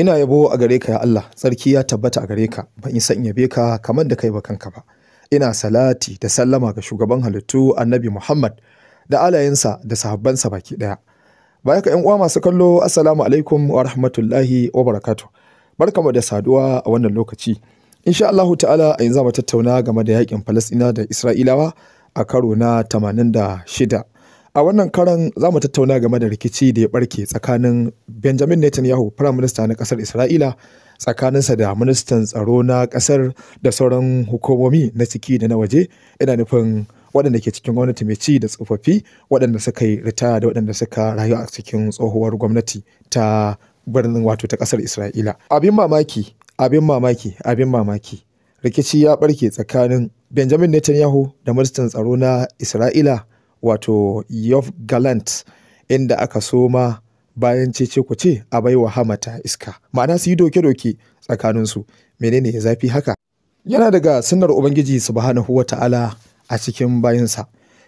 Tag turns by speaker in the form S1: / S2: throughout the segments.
S1: ina yabo a gare ka ya Allah tsarki ya tabbata a gare ka ban isa in yabe ka kamar da kai ba kanka ba ina salati da sallama ga shugaban halittu annabi Muhammad da alayensa da sahabbansa baki daya baya ka yan uwa masu kallo assalamu alaikum wa rahmatullahi wa barakatuh barkamu da saduwa a wannan lokaci insha Allahu ta'ala a yanzu mu tattauna game da yakin Falasɗina da Isra'ilawa a karo na 86 A wannan karan za mu tattauna game da rikici da ya barke tsakanin Benjamin Netanyahu, Firayim Minista na kasar Isra'ila, tsakaninsa da ministan tsaro na kasar da sauran hukumomi na ciki da na waje, ina nufin waɗanda ke cikin gwamnati mai ci da tsofaffi waɗanda suka yi ritaya da waɗanda suka rayu a cikin tsohuwar gwamnati ta birnin wato ta kasar Isra'ila. Abin mamaki, abin mamaki, abin mamaki. Rikici ya barke tsakanin Benjamin Netanyahu da ministan tsaro na Isra'ila wato yof galant inda aka soma bayan cece ku ce a baiwa hamata iska ma'ana su yi doke-doke tsakaninsu menene ya zafi haka yana daga sunnar ubangiji subhanahu wa ta'ala a cikin bayansa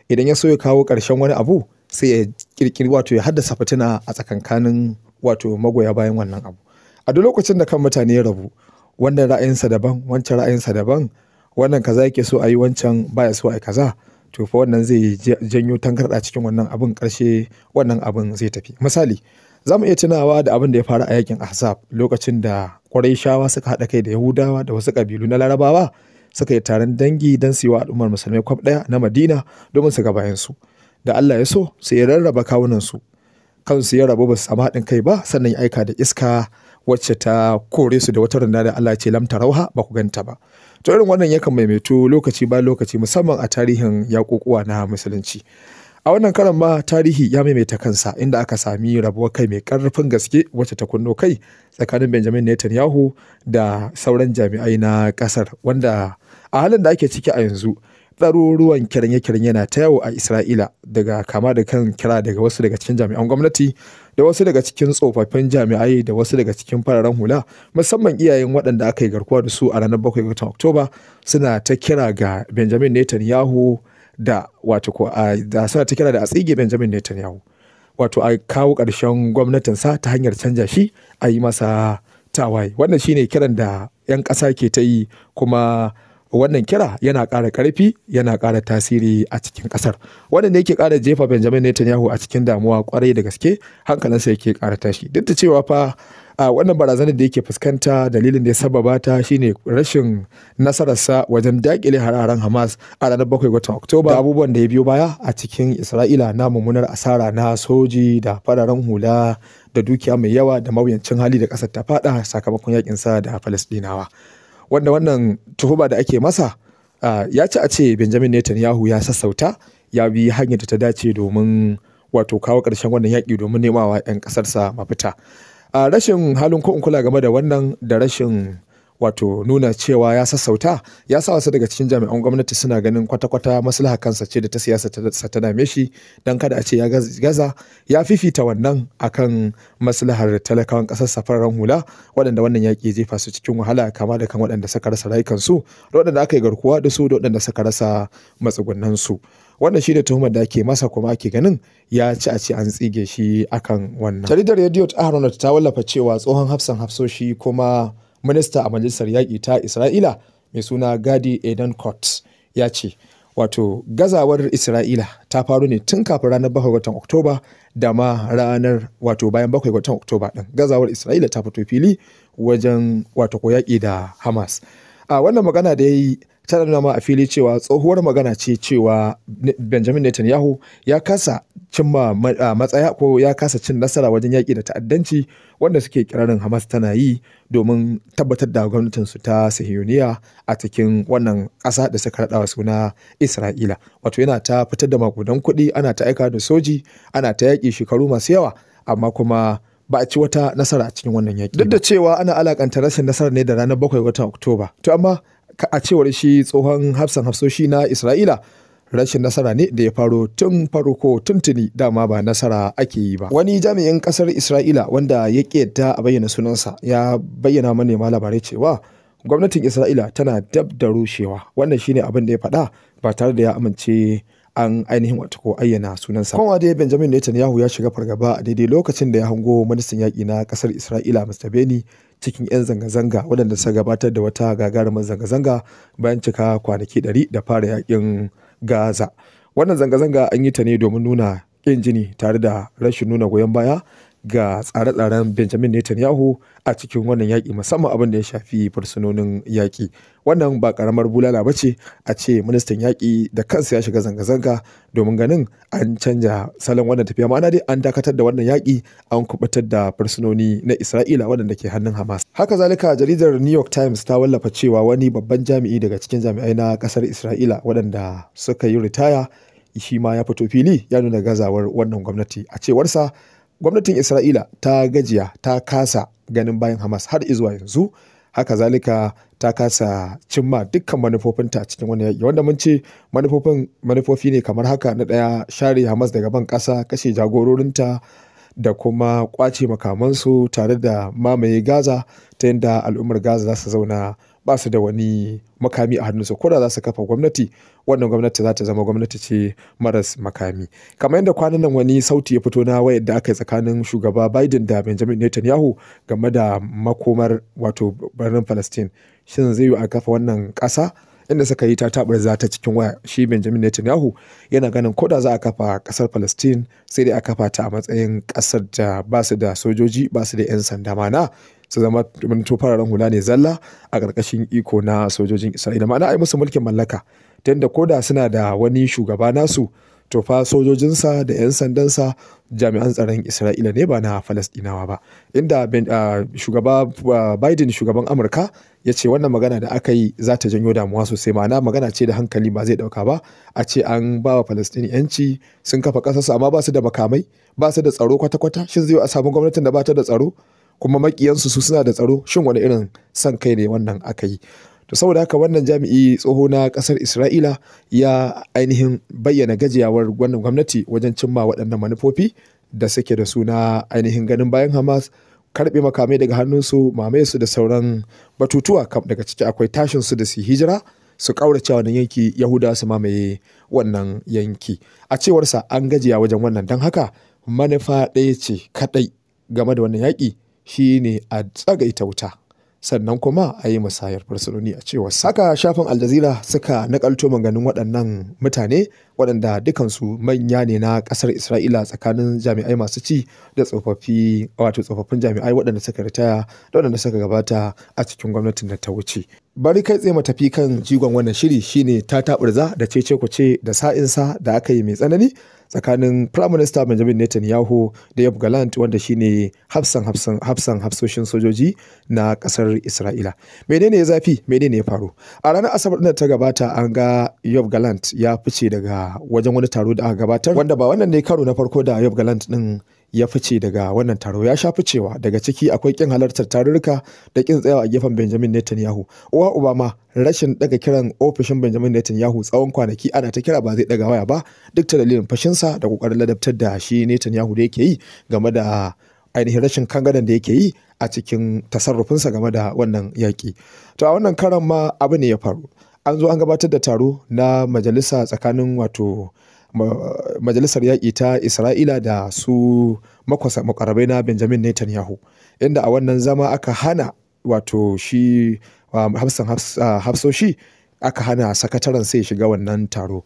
S1: idan ya so ya kawo ƙarshen wani abu sai ya kirkiri wato ya haddasa fitina a tsakankanin wato magoya bayan wannan abu a duk lokacin da kan mutane ya rabu wannan ra'ayinsa daban wancan ra'ayinsa daban wannan kaza yake so a yi wancan baya so a kaza to fa wannan zai janyo tangarɗa cikin wannan abin ƙarshe wannan abin zai tafi misali za mu iya tunawa da abin da ya faru a yakin ahzab lokacin da shawa suka haɗa kai da yahudawa da wasu ƙabilu na larabawa suka yi taron dangi don su yi wa al'ummar musulmai kwaf ɗaya na madina domin su ga bayansu da allah ya so su ya rarraba kawunan su kansu ya rabu ba su samu haɗin kai ba sannan ya aika da iska wacce ta kore su da wata runda da allah ce lamta rauha ba ku ganta ba to irin wannan yakan maimaito lokaci ba lokaci musamman a tarihin yakokuwa na musulunci a wannan karan ma tarihi ya maimaita kansa inda aka sami rabuwar kai mai karfin gaske wacce ta kunno kai tsakanin benjamin netanyahu da sauran jami'ai na kasar wanda a halin da ake ciki a yanzu ɗaruruwan kiranye-kiranye na ta yawo a Isra'ila daga kama da kan kira daga wasu daga cikin jami'an gwamnati da wasu daga cikin tsofaffin jami'ai da wasu daga cikin fararen hula musamman iyayen waɗanda aka yi garkuwa da su a ranar 7 ga Oktoba suna ta kira ga Benjamin Netanyahu da wato ko da suna ta kira da a tsige Benjamin Netanyahu wato a kawo ƙarshen gwamnatinsa ta hanyar canja shi a yi masa tawaye wannan shine kiran da 'yan ƙasa ke ta yi kuma wannan kira yana kara karfi yana ƙara tasiri a cikin ƙasar wannan ne yake kara jefa benjamin netanyahu a cikin damuwa kwarai da gaske hankalinsa yake kara tashi duk da cewa fa a wannan barazanar da yake fuskanta dalilin da ya sababa ta shine rashin nasararsa wajen dakile hararen hamas a ranar bakwai watan oktoba abubuwan da ya biyo baya a cikin isra'ila na mummunar asara na soji da fararen hula da dukiya mai yawa da mawuyancin hali da kasar ta faɗa sakamakon yakin sa da falastinawa wanda wannan tuhuma da ake masa ya ci a ce benjamin netanyahu ya sassauta ya bi hanyar da ta dace domin wato kawo ƙarshen wannan yaƙi domin nemawa 'yan ƙasarsa mafita rashin halin ko kula game da wannan da rashin wato nuna cewa ya sassauta ya sa wasu daga cikin jami'an gwamnati suna ganin kwata-kwata maslaha kansa ce da ta siyasa ta dame shi don kada a ce ya gaza ya fifita wannan akan maslahar talakawan ƙasar safararen hula waɗanda wannan yaƙi jefa su cikin wahala kama da kan waɗanda suka rasa rayukansu da waɗanda aka yi garkuwa da su da waɗanda suka rasa matsugunansu wannan shi da tuhumar da ake masa kuma ake ganin ya ci a ce an tsige shi akan wannan jaridar rediyo ta ta wallafa cewa tsohon hafsan hafsoshi kuma minista a majalisar yaƙi ta isra'ila mai suna gadi eden court ya ce wato gazawar isra'ila ta faru ne tun kafin ranar bakwai watan oktoba da ma ranar wato bayan bakwai watan oktoba din gazawar isra'ila ta fito fili wajen wato ko yaƙi da hamas a wannan magana da ya yi ta nuna ma a fili cewa tsohuwar magana ce cewa Benjamin Netanyahu ya kasa cimma matsaya ko ya kasa cin nasara wajen yaƙi da ta'addanci wanda suke kirarin Hamas tana yi domin tabbatar da gwamnatinsu ta Sahiyoniya a cikin wannan ƙasa da suka raɗawa suna Isra'ila. Wato yana ta fitar da makudan kuɗi ana ta aika da soji ana ta yaƙi shekaru masu yawa amma kuma ba a ci wata nasara a cikin wannan yaƙi. Duk da cewa ana alakanta rashin nasara ne da ranar bakwai watan Oktoba. To amma a cewar shi tsohon hafsan hafsoshi na isra'ila rashin nasara ne da ya faro tun farko tuntuni dama ba nasara ake yi ba wani jami'in kasar isra'ila wanda ya ƙeta a bayyana sunansa ya bayyana manema labarai cewa gwamnatin isra'ila tana dab da rushewa wannan shine abin da ya faɗa ba tare da ya amince an ainihin wata ko ayyana sunansa kuma dai benjamin netanyahu ya shiga fargaba a daidai lokacin da ya hango ministan yaƙi na kasar isra'ila mr beni cikin 'yan zanga-zanga waɗanda suka gabatar da wata gagarumar zanga-zanga bayan cika kwanaki 100 da fara yakin gaza wannan zanga-zanga an yi ta ne domin nuna ƙin jini tare da rashin nuna goyon baya ga tsare-tsaren Benjamin Netanyahu a cikin wannan yaƙi musamman abin da ya shafi fursunonin yaƙi. Wannan ba ƙaramar bulala ba ce a ce ministan yaƙi da kansa ya shiga zanga-zanga domin ganin an canja salon wannan tafiya ma'ana dai an dakatar da wannan yaƙi an kubutar da fursunoni na Isra'ila waɗanda ke hannun Hamas. Haka zalika jaridar New York Times ta wallafa cewa wani babban jami'i daga cikin jami'ai na ƙasar Isra'ila waɗanda suka yi ritaya shi ma ya fito fili ya nuna gazawar wannan gwamnati a cewarsa gwamnatin isra'ila ta gajiya ta kasa ganin bayan hamas har izuwa yanzu haka zalika ta kasa cimma dukkan manufofinta cikin wani yaƙi wanda mun ce manufofin manufofi ne kamar haka na ɗaya share hamas daga ban ƙasa kashe jagororinta da kuma ƙwace makamansu tare da mamaye gaza ta yadda al'ummar gaza za su zauna ba su da wani makami a hannunsu ko da za su kafa gwamnati wannan gwamnati za ta zama gwamnati ce maras makami kamar yadda kwanan nan wani sauti ya fito na wayar da aka yi tsakanin shugaba biden da benjamin netanyahu game da makomar wato birnin palestine shin zai yi a kafa wannan ƙasa inda suka yi ta za ta cikin waya shi benjamin netanyahu yana ganin koda za a kafa kasar palestine sai dai a kafa ta a matsayin kasar da ba su da sojoji ba su da 'yan sanda mana su zama minto fararen hula ne zalla a ƙarƙashin iko na sojojin isra'ila mana ai musu mulkin mallaka tunda koda suna da wani shugaba nasu to fa sojojinsa da 'yan sandansa jami'an tsaron isra'ila ne ba na falastinawa ba inda shugaba biden shugaban amurka ya ce wannan magana da aka yi za ta janyo damuwa sosai ma'ana magana ce da hankali ba zai dauka ba a ce an ba wa falastin yanci sun kafa kasarsu amma ba su da makamai ba su da tsaro kwata-kwata shin zai a samu gwamnatin da ba ta da tsaro kuma makiyansu su suna da tsaro shin wani irin son kai ne wannan aka yi to saboda haka wannan jami'i tsoho na kasar isra'ila ya ainihin bayyana gajiyawar gwamnati wajen cimma waɗannan manufofi da suke da suna ainihin ganin bayan hamas karɓe makamai daga hannunsu mamaye su da sauran batutuwa kam daga ciki akwai tashin su da su hijira su ƙaurace wannan yanki yahuda su mamaye wannan yanki a cewarsa an gajiya wajen wannan don haka manufa ɗaya ce kaɗai game da wannan yaƙi shine a tsagaita wuta sannan kuma a yi musayar fursunoni a cewa saka shafin aljazira suka nakalto maganin waɗannan mutane waɗanda dukansu manya ne na ƙasar Isra'ila tsakanin jami'ai masu ci da tsofaffi wato tsofaffin jami'ai waɗanda suka ritaya da waɗanda suka gabata a cikin gwamnatin da ta wuce. Bari kai tsaye matafi kan jigon wannan shiri shine ta taɓurza da cece kuce da sa'insa da aka yi mai tsanani tsakanin Prime Minister Benjamin Netanyahu da Yob Galant wanda shine hafsan hafsan hafsan hafsoshin sojoji na ƙasar Isra'ila. Menene ya zafi? Menene ya faru? A ranar Asabar da ta gabata an ga Yob Galant ya fice daga wajen wani taro da aka gabatar wanda ba wannan ne karo na farko da Yob Galant din ya fice daga wannan taro ya sha ficewa daga ciki akwai kin halartar tarurruka da kin tsayawa a gefen Benjamin Netanyahu uwa uba rashin daga kiran ofishin Benjamin Netanyahu tsawon kwanaki ana ta kira ba zai daga waya ba duk da dalilin fashin sa da kokarin ladabtar da shi Netanyahu da yake yi game da ainihin rashin kangadan da yake yi a cikin tasarrufinsa game da wannan yaƙi to a wannan karan ma abu ne ya faru an zo an gabatar da taro na majalisa tsakanin wato majalisar yaƙi ta isra'ila da su makwarabai na benjamin netanyahu inda a wannan zama aka hana wato shi um, hafsan hafsoshi aka hana sakataren sai shiga wannan taro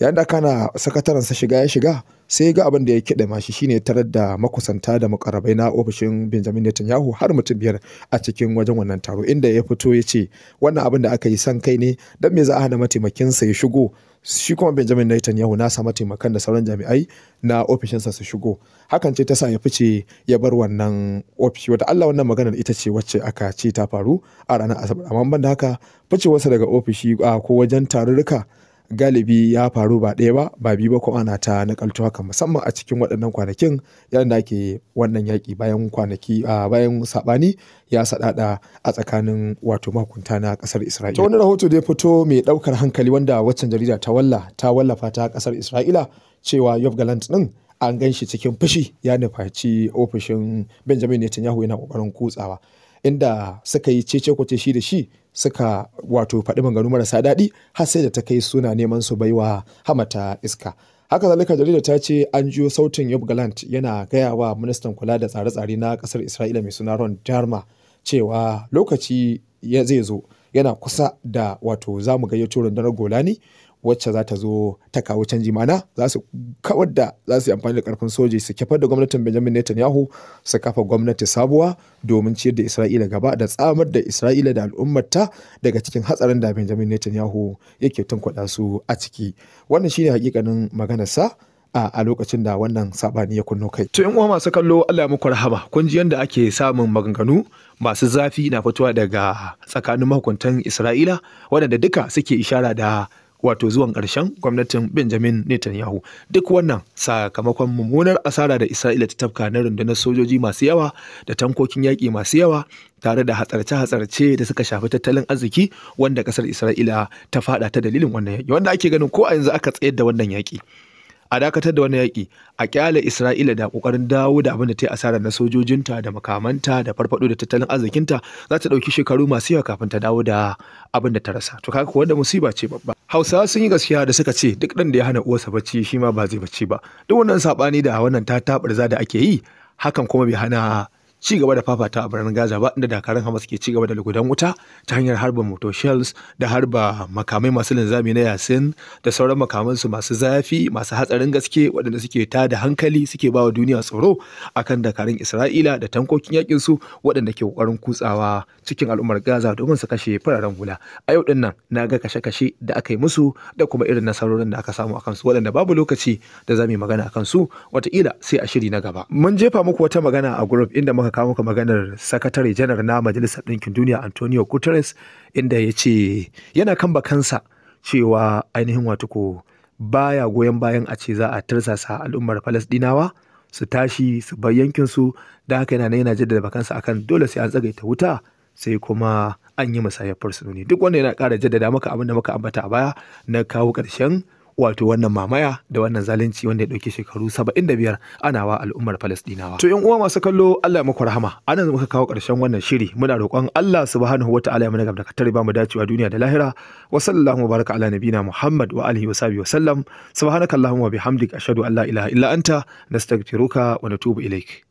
S1: yayin da aka hana sakataren sa shiga ya shiga sai ga abin da ya kiɗa mashi shine tarar da makusanta da makarabai na ofishin Benjamin Netanyahu har mutum biyar a cikin wajen wannan taro inda ya fito ya ce wannan abin da aka yi san kai ne don me za a hana mataimakinsa ya shigo shi kuma Benjamin Netanyahu na sa mataimakan da sauran jami'ai na ofishinsa su shigo hakan ce ta sa ya fice ya bar wannan ofishi wata Allah wannan maganar ita ce wacce aka ce ta faru a ranar Asabar amma ban da haka ficewarsa daga ofishi ko wajen tarurruka galibi ya faru ba ɗaya ba ba biyu ba ko ana ta nakalto haka musamman a cikin waɗannan kwanakin yayin da ake wannan yaƙi bayan kwanaki bayan saɓani ya saɗaɗa a tsakanin wato makunta na ƙasar Isra'ila. Ta wani rahoto da ya fito mai ɗaukar hankali wanda waccan jarida ta ta wallafa ta ƙasar Isra'ila cewa yof Galant ɗin an gan shi cikin fushi ya nufaci ofishin benjamin netanyahu yana kokarin kutsawa inda suka yi cece kwace shi da shi suka wato faɗi maganganu marasa daɗi har sai da ta kai suna neman su baiwa hamata iska haka zalika jarida ta ce an jiyo sautin yob galant yana gaya wa ministan kula da tsare-tsare na kasar isra'ila mai suna ron jarma cewa lokaci ya zai zo yana kusa da wato zamu gayyato rundunar golani wacce za ta zo ta kawo canji mana za su kawar da za su yi amfani da karfin soji su kafa da gwamnatin benjamin netanyahu su kafa gwamnati sabuwa domin ciyar da isra'ila gaba da tsamar da isra'ila da al'ummarta daga cikin hatsarin da benjamin netanyahu yake tunkwada su a ciki wannan shine hakikanin sa a lokacin da wannan sabani ya kunno kai. To uwa masu kallo Allah muku rahama kun ji yadda ake samun maganganu masu zafi na fitowa daga tsakanin mahukuntan Isra'ila waɗanda duka suke ishara da wato zuwan ƙarshen gwamnatin Benjamin Netanyahu duk wannan sakamakon mummunar asara da Isra'ila ta tafka na rundunar sojoji masu yawa da tankokin yaƙi masu yawa tare da hatsarce-hatsarce da suka shafi tattalin arziki wanda ƙasar Isra'ila ta faɗa ta dalilin wannan yaƙi wanda ake ganin ko a yanzu aka tsayar da wannan yaƙi a dakatar da wani yaƙi a kyale isra'ila da ƙoƙarin dawo da abin da ta yi asara na sojojinta da makamanta da farfaɗo da tattalin arzikinta za ta ɗauki shekaru masu yawa kafin ta dawo da abin da ta rasa to kaga wanda musiba ce babba hausawa sun yi gaskiya da suka ce duk ɗan da ya hana uwarsa bacci shi ma ba zai bacci ba duk wannan saɓani da wannan ta za da ake yi hakan kuma bai hana ci gaba da fafata a birnin Gaza ba inda dakarun Hamas ke ci gaba da lugudan wuta ta hanyar harba moto shells da harba makamai masu linzami na Yasin da sauran makaman su masu zafi masu hatsarin gaske waɗanda suke ta da hankali suke bawa duniya tsoro akan dakarun Isra'ila da tankokin yakin su waɗanda ke kokarin kutsawa cikin al'ummar Gaza domin su kashe fararen hula a yau din nan na ga kashe-kashe da aka yi musu da kuma irin nasarorin da aka samu akan su waɗanda babu lokaci da za yi magana akan su wataƙila sai a shiri na gaba mun jefa muku wata magana a group inda muka kawo muka maganar sakatare janar na majalisar ɗinkin duniya antonio guterres inda ya ce yana kan bakansa cewa ainihin wato ko baya goyon bayan a ce za a tarsasa al'ummar falasdinawa su tashi su bar yankinsu da haka yana yana jaddada bakansa akan dole sai an tsagaita wuta sai kuma an yi musayar fursunoni duk wanda yana ƙara jaddada maka abin da muka ambata a baya na kawo ƙarshen wato wannan mamaya da wannan zalunci wanda ya ɗauki shekaru biyar ana wa al'ummar Falastinawa. To yan uwa masu kallo Allah ya muku rahama. Anan muka kawo ƙarshen wannan shiri. Muna roƙon Allah subhanahu wataala ya mana gaba da katare ba mu dacewa duniya da lahira. Wa sallallahu baraka ala nabina Muhammad wa alihi wa sahbihi wa sallam. Subhanakallahumma wa bihamdika ashhadu an la ilaha illa anta nastaghfiruka wa natubu ilaik.